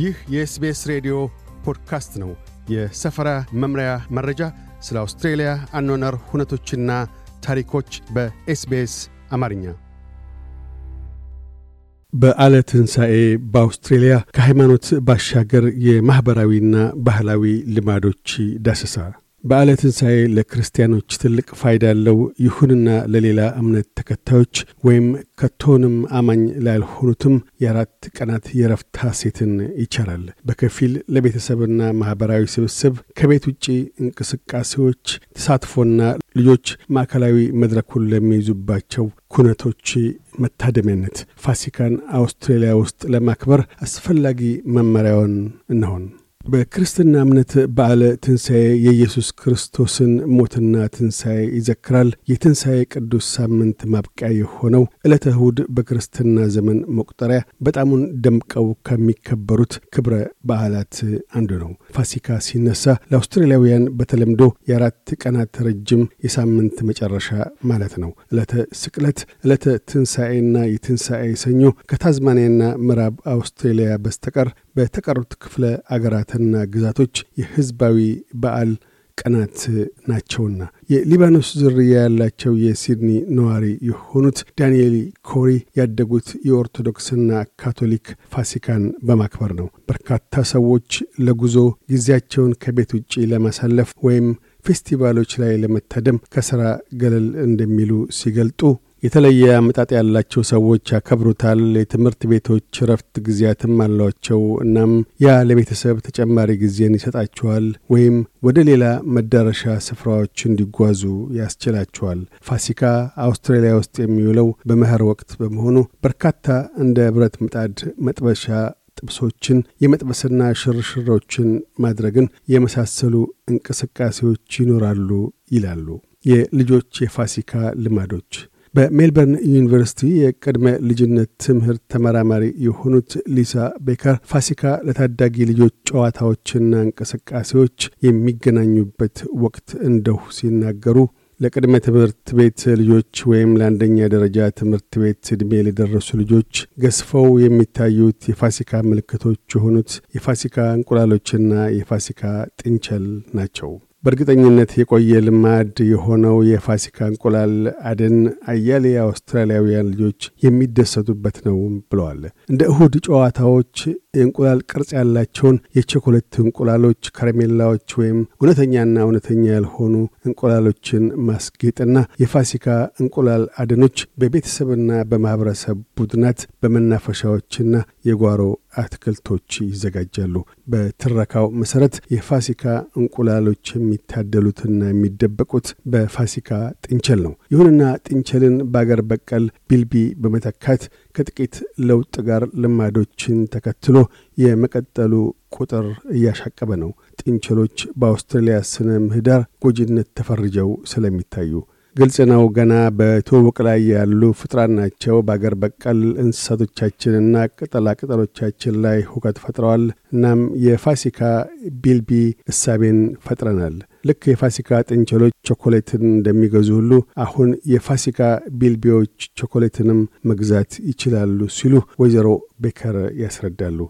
ይህ የኤስቤስ ሬዲዮ ፖድካስት ነው። የሰፈራ መምሪያ መረጃ፣ ስለ አውስትሬልያ አኗነር ሁነቶችና ታሪኮች በኤስቤስ አማርኛ። በዓለ ትንሣኤ በአውስትሬልያ ከሃይማኖት ባሻገር የማኅበራዊና ባህላዊ ልማዶች ዳሰሳ በዓለ ትንሣኤ ለክርስቲያኖች ትልቅ ፋይዳ አለው። ይሁንና ለሌላ እምነት ተከታዮች ወይም ከቶንም አማኝ ላልሆኑትም የአራት ቀናት የረፍት ሐሴትን ይቸራል። በከፊል ለቤተሰብና ማኅበራዊ ስብስብ፣ ከቤት ውጪ እንቅስቃሴዎች ተሳትፎና ልጆች ማዕከላዊ መድረኩን ለሚይዙባቸው ኩነቶች መታደሚያነት ፋሲካን አውስትራሊያ ውስጥ ለማክበር አስፈላጊ መመሪያውን እነሆን። በክርስትና እምነት በዓለ ትንሣኤ የኢየሱስ ክርስቶስን ሞትና ትንሣኤ ይዘክራል። የትንሣኤ ቅዱስ ሳምንት ማብቂያ የሆነው ዕለተ እሁድ በክርስትና ዘመን መቁጠሪያ በጣሙን ደምቀው ከሚከበሩት ክብረ በዓላት አንዱ ነው። ፋሲካ ሲነሳ ለአውስትራሊያውያን በተለምዶ የአራት ቀናት ረጅም የሳምንት መጨረሻ ማለት ነው። ዕለተ ስቅለት፣ ዕለተ ትንሣኤና የትንሣኤ ሰኞ ከታዝማኒያና ምዕራብ አውስትሬሊያ በስተቀር በተቀሩት ክፍለ አገራት ሀገራትና ግዛቶች የህዝባዊ በዓል ቀናት ናቸውና የሊባኖስ ዝርያ ያላቸው የሲድኒ ነዋሪ የሆኑት ዳንኤል ኮሪ ያደጉት የኦርቶዶክስና ካቶሊክ ፋሲካን በማክበር ነው። በርካታ ሰዎች ለጉዞ ጊዜያቸውን ከቤት ውጭ ለማሳለፍ ወይም ፌስቲቫሎች ላይ ለመታደም ከሥራ ገለል እንደሚሉ ሲገልጡ የተለየ አመጣጥ ያላቸው ሰዎች ያከብሩታል። የትምህርት ቤቶች እረፍት ጊዜያትም አሏቸው። እናም ያ ለቤተሰብ ተጨማሪ ጊዜን ይሰጣችኋል ወይም ወደ ሌላ መዳረሻ ስፍራዎች እንዲጓዙ ያስችላቸዋል። ፋሲካ አውስትራሊያ ውስጥ የሚውለው በመኸር ወቅት በመሆኑ በርካታ እንደ ብረት ምጣድ መጥበሻ ጥብሶችን የመጥበስና ሽርሽሮችን ማድረግን የመሳሰሉ እንቅስቃሴዎች ይኖራሉ ይላሉ የልጆች የፋሲካ ልማዶች በሜልበርን ዩኒቨርሲቲ የቅድመ ልጅነት ትምህርት ተመራማሪ የሆኑት ሊሳ ቤከር ፋሲካ ለታዳጊ ልጆች ጨዋታዎችና እንቅስቃሴዎች የሚገናኙበት ወቅት እንደሁ ሲናገሩ ለቅድመ ትምህርት ቤት ልጆች ወይም ለአንደኛ ደረጃ ትምህርት ቤት ዕድሜ ለደረሱ ልጆች ገዝፈው የሚታዩት የፋሲካ ምልክቶች የሆኑት የፋሲካ እንቁላሎችና የፋሲካ ጥንቸል ናቸው። በእርግጠኝነት የቆየ ልማድ የሆነው የፋሲካ እንቁላል አደን አያሌ የአውስትራሊያውያን ልጆች የሚደሰቱበት ነው ብለዋል። እንደ እሁድ ጨዋታዎች የእንቁላል ቅርጽ ያላቸውን የቸኮሌት እንቁላሎች፣ ከረሜላዎች ወይም እውነተኛና እውነተኛ ያልሆኑ እንቁላሎችን ማስጌጥና የፋሲካ እንቁላል አደኖች በቤተሰብና በማህበረሰብ ቡድናት በመናፈሻዎችና የጓሮ አትክልቶች ይዘጋጃሉ። በትረካው መሰረት የፋሲካ እንቁላሎች የሚታደሉትና የሚደበቁት በፋሲካ ጥንቸል ነው። ይሁንና ጥንቸልን በአገር በቀል ቢልቢ በመተካት ከጥቂት ለውጥ ጋር ልማዶችን ተከትሎ የመቀጠሉ ቁጥር እያሻቀበ ነው። ጥንቸሎች በአውስትራሊያ ስነ ምህዳር ጎጂነት ተፈርጀው ስለሚታዩ ግልጽ ነው። ገና በትውውቅ ላይ ያሉ ፍጥራን ናቸው። በአገር በቀል እንስሳቶቻችንና ቅጠላ ቅጠሎቻችን ላይ ሁከት ፈጥረዋል። እናም የፋሲካ ቢልቢ እሳቤን ፈጥረናል። ልክ የፋሲካ ጥንቸሎች ቾኮሌትን እንደሚገዙ ሁሉ አሁን የፋሲካ ቢልቢዎች ቾኮሌትንም መግዛት ይችላሉ ሲሉ ወይዘሮ ቤከር ያስረዳሉ።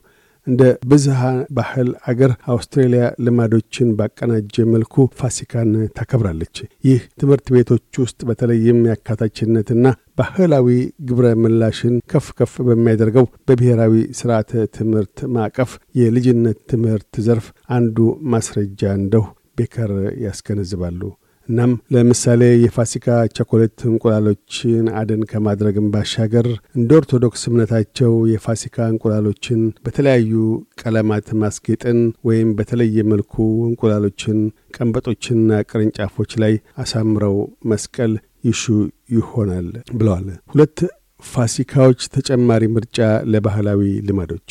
እንደ ብዝሃ ባህል አገር አውስትሬሊያ ልማዶችን ባቀናጀ መልኩ ፋሲካን ታከብራለች። ይህ ትምህርት ቤቶች ውስጥ በተለይም የአካታችነትና ባህላዊ ግብረ ምላሽን ከፍ ከፍ በሚያደርገው በብሔራዊ ስርዓተ ትምህርት ማዕቀፍ የልጅነት ትምህርት ዘርፍ አንዱ ማስረጃ እንደሁ ቤከር ያስገነዝባሉ። እናም ለምሳሌ የፋሲካ ቸኮሌት እንቁላሎችን አደን ከማድረግም ባሻገር እንደ ኦርቶዶክስ እምነታቸው የፋሲካ እንቁላሎችን በተለያዩ ቀለማት ማስጌጥን ወይም በተለየ መልኩ እንቁላሎችን ቀንበጦችና ቅርንጫፎች ላይ አሳምረው መስቀል ይሹ ይሆናል ብለዋል። ሁለት ፋሲካዎች ተጨማሪ ምርጫ ለባህላዊ ልማዶች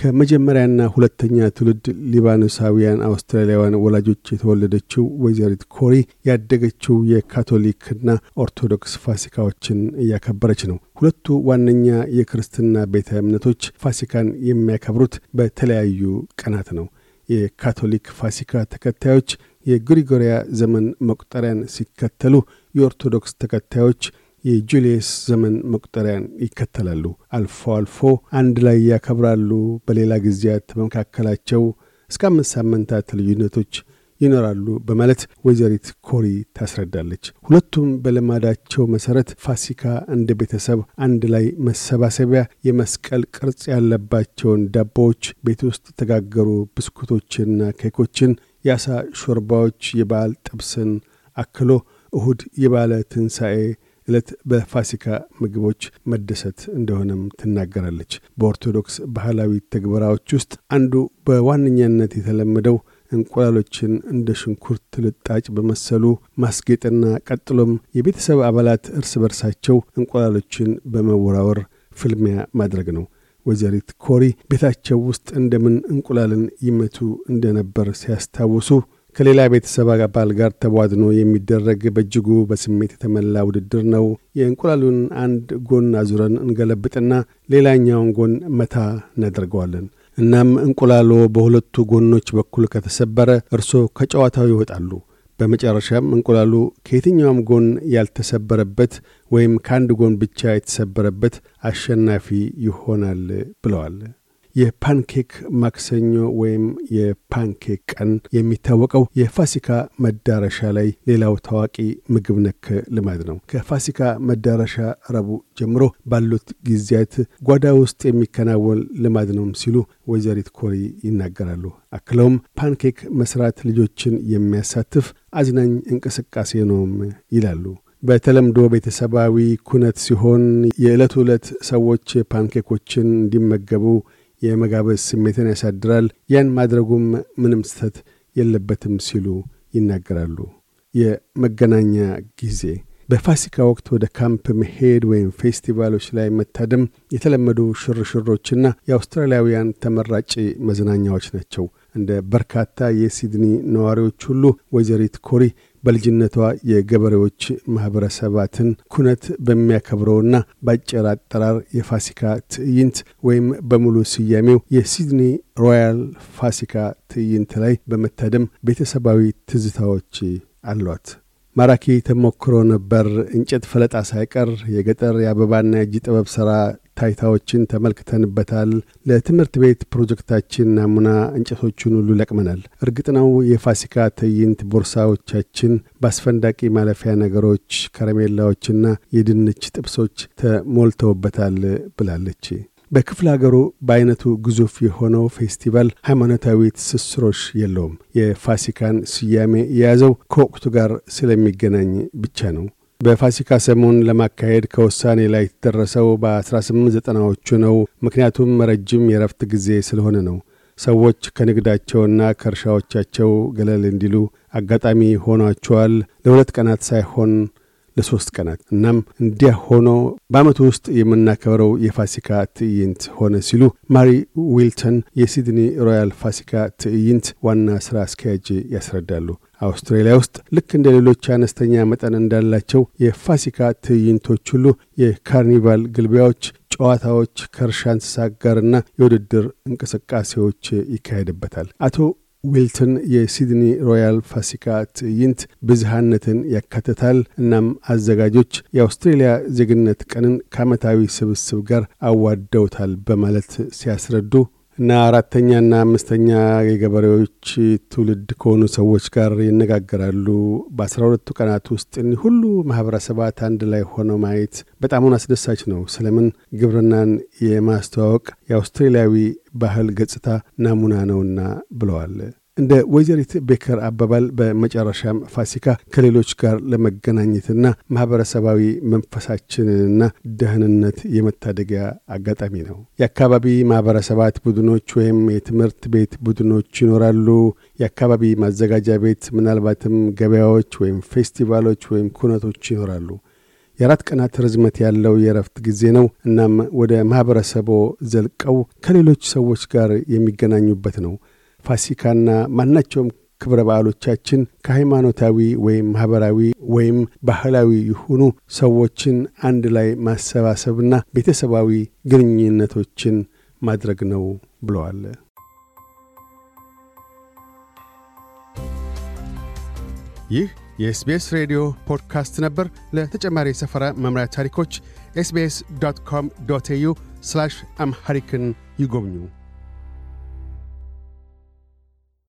ከመጀመሪያና ሁለተኛ ትውልድ ሊባኖሳውያን አውስትራሊያውያን ወላጆች የተወለደችው ወይዘሪት ኮሪ ያደገችው የካቶሊክና ኦርቶዶክስ ፋሲካዎችን እያከበረች ነው። ሁለቱ ዋነኛ የክርስትና ቤተ እምነቶች ፋሲካን የሚያከብሩት በተለያዩ ቀናት ነው። የካቶሊክ ፋሲካ ተከታዮች የግሪጎሪያ ዘመን መቁጠሪያን ሲከተሉ፣ የኦርቶዶክስ ተከታዮች የጁልየስ ዘመን መቁጠሪያን ይከተላሉ። አልፎ አልፎ አንድ ላይ ያከብራሉ። በሌላ ጊዜያት በመካከላቸው እስከ አምስት ሳምንታት ልዩነቶች ይኖራሉ በማለት ወይዘሪት ኮሪ ታስረዳለች። ሁለቱም በልማዳቸው መሰረት ፋሲካ እንደ ቤተሰብ አንድ ላይ መሰባሰቢያ የመስቀል ቅርጽ ያለባቸውን ዳቦዎች፣ ቤት ውስጥ የተጋገሩ ብስኩቶችና ኬኮችን፣ የአሳ ሾርባዎች፣ የበዓል ጥብስን አክሎ እሁድ የባለ ትንሣኤ ዕለት በፋሲካ ምግቦች መደሰት እንደሆነም ትናገራለች። በኦርቶዶክስ ባህላዊ ተግበራዎች ውስጥ አንዱ በዋነኛነት የተለመደው እንቁላሎችን እንደ ሽንኩርት ልጣጭ በመሰሉ ማስጌጥና ቀጥሎም የቤተሰብ አባላት እርስ በርሳቸው እንቁላሎችን በመወራወር ፍልሚያ ማድረግ ነው። ወይዘሪት ኮሪ ቤታቸው ውስጥ እንደምን እንቁላልን ይመቱ እንደነበር ሲያስታውሱ ከሌላ ቤተሰብ አባል ጋር ተቧድኖ የሚደረግ በእጅጉ በስሜት የተሞላ ውድድር ነው። የእንቁላሉን አንድ ጎን አዙረን እንገለብጥና ሌላኛውን ጎን መታ እናደርገዋለን። እናም እንቁላሎ በሁለቱ ጎኖች በኩል ከተሰበረ እርሶ ከጨዋታው ይወጣሉ። በመጨረሻም እንቁላሉ ከየትኛውም ጎን ያልተሰበረበት ወይም ከአንድ ጎን ብቻ የተሰበረበት አሸናፊ ይሆናል ብለዋል። የፓንኬክ ማክሰኞ ወይም የፓንኬክ ቀን የሚታወቀው የፋሲካ መዳረሻ ላይ ሌላው ታዋቂ ምግብ ነክ ልማድ ነው። ከፋሲካ መዳረሻ ረቡ ጀምሮ ባሉት ጊዜያት ጓዳ ውስጥ የሚከናወን ልማድ ነው ሲሉ ወይዘሪት ኮሪ ይናገራሉ። አክለውም ፓንኬክ መስራት ልጆችን የሚያሳትፍ አዝናኝ እንቅስቃሴ ነውም ይላሉ። በተለምዶ ቤተሰባዊ ኩነት ሲሆን የዕለት ዕለት ሰዎች ፓንኬኮችን እንዲመገቡ የመጋበዝ ስሜትን ያሳድራል። ያን ማድረጉም ምንም ስህተት የለበትም ሲሉ ይናገራሉ። የመገናኛ ጊዜ በፋሲካ ወቅት ወደ ካምፕ መሄድ ወይም ፌስቲቫሎች ላይ መታደም የተለመዱ ሽርሽሮችና የአውስትራሊያውያን ተመራጭ መዝናኛዎች ናቸው። እንደ በርካታ የሲድኒ ነዋሪዎች ሁሉ ወይዘሪት ኮሪ በልጅነቷ የገበሬዎች ማኅበረሰባትን ኩነት በሚያከብረውና በአጭር አጠራር የፋሲካ ትዕይንት ወይም በሙሉ ስያሜው የሲድኒ ሮያል ፋሲካ ትዕይንት ላይ በመታደም ቤተሰባዊ ትዝታዎች አሏት። ማራኪ ተሞክሮ ነበር። እንጨት ፈለጣ ሳይቀር የገጠር የአበባና የእጅ ጥበብ ሥራ ታይታዎችን ተመልክተንበታል። ለትምህርት ቤት ፕሮጀክታችን ናሙና እንጨቶቹን ሁሉ ለቅመናል። እርግጥ ነው የፋሲካ ትዕይንት ቦርሳዎቻችን በአስፈንዳቂ ማለፊያ ነገሮች፣ ከረሜላዎችና የድንች ጥብሶች ተሞልተውበታል ብላለች። በክፍለ ሀገሩ በአይነቱ ግዙፍ የሆነው ፌስቲቫል ሃይማኖታዊ ትስስሮች የለውም። የፋሲካን ስያሜ የያዘው ከወቅቱ ጋር ስለሚገናኝ ብቻ ነው። በፋሲካ ሰሞን ለማካሄድ ከውሳኔ ላይ የተደረሰው በ1890ዎቹ ነው። ምክንያቱም ረጅም የረፍት ጊዜ ስለሆነ ነው። ሰዎች ከንግዳቸውና ከእርሻዎቻቸው ገለል እንዲሉ አጋጣሚ ሆኗቸዋል። ለሁለት ቀናት ሳይሆን ለሶስት ቀናት። እናም እንዲያ ሆኖ በዓመቱ ውስጥ የምናከብረው የፋሲካ ትዕይንት ሆነ ሲሉ ማሪ ዊልተን የሲድኒ ሮያል ፋሲካ ትዕይንት ዋና ሥራ አስኪያጅ ያስረዳሉ። አውስትራሊያ ውስጥ ልክ እንደ ሌሎች አነስተኛ መጠን እንዳላቸው የፋሲካ ትዕይንቶች ሁሉ የካርኒቫል ግልቢያዎች፣ ጨዋታዎች ከእርሻ እንስሳት ጋርና የውድድር እንቅስቃሴዎች ይካሄድበታል። አቶ ዊልተን የሲድኒ ሮያል ፋሲካ ትዕይንት ብዝሃነትን ያካትታል። እናም አዘጋጆች የአውስትሬሊያ ዜግነት ቀንን ከዓመታዊ ስብስብ ጋር አዋደውታል በማለት ሲያስረዱ እና አራተኛና አምስተኛ የገበሬዎች ትውልድ ከሆኑ ሰዎች ጋር ይነጋገራሉ። በአስራ ሁለቱ ቀናት ውስጥ እኒ ሁሉ ማህበረሰባት አንድ ላይ ሆነው ማየት በጣሙን አስደሳች ነው። ስለምን ግብርናን የማስተዋወቅ የአውስትሬሊያዊ ባህል ገጽታ ናሙና ነውና ብለዋል። እንደ ወይዘሪት ቤከር አባባል በመጨረሻም ፋሲካ ከሌሎች ጋር ለመገናኘትና ማህበረሰባዊ መንፈሳችንንና ደህንነት የመታደጊያ አጋጣሚ ነው። የአካባቢ ማህበረሰባት ቡድኖች ወይም የትምህርት ቤት ቡድኖች ይኖራሉ። የአካባቢ ማዘጋጃ ቤት፣ ምናልባትም ገበያዎች ወይም ፌስቲቫሎች ወይም ኩነቶች ይኖራሉ። የአራት ቀናት ርዝመት ያለው የእረፍት ጊዜ ነው። እናም ወደ ማኅበረሰቦ ዘልቀው ከሌሎች ሰዎች ጋር የሚገናኙበት ነው። ፋሲካና ማናቸውም ክብረ በዓሎቻችን ከሃይማኖታዊ ወይም ማኅበራዊ ወይም ባህላዊ የሆኑ ሰዎችን አንድ ላይ ማሰባሰብና ቤተሰባዊ ግንኙነቶችን ማድረግ ነው ብለዋል። ይህ የኤስቤስ ሬዲዮ ፖድካስት ነበር። ለተጨማሪ የሰፈራ መምሪያ ታሪኮች ኤስቤስ ዶት ኮም ዶት ኤዩ ስላሽ አምሐሪክን ይጎብኙ።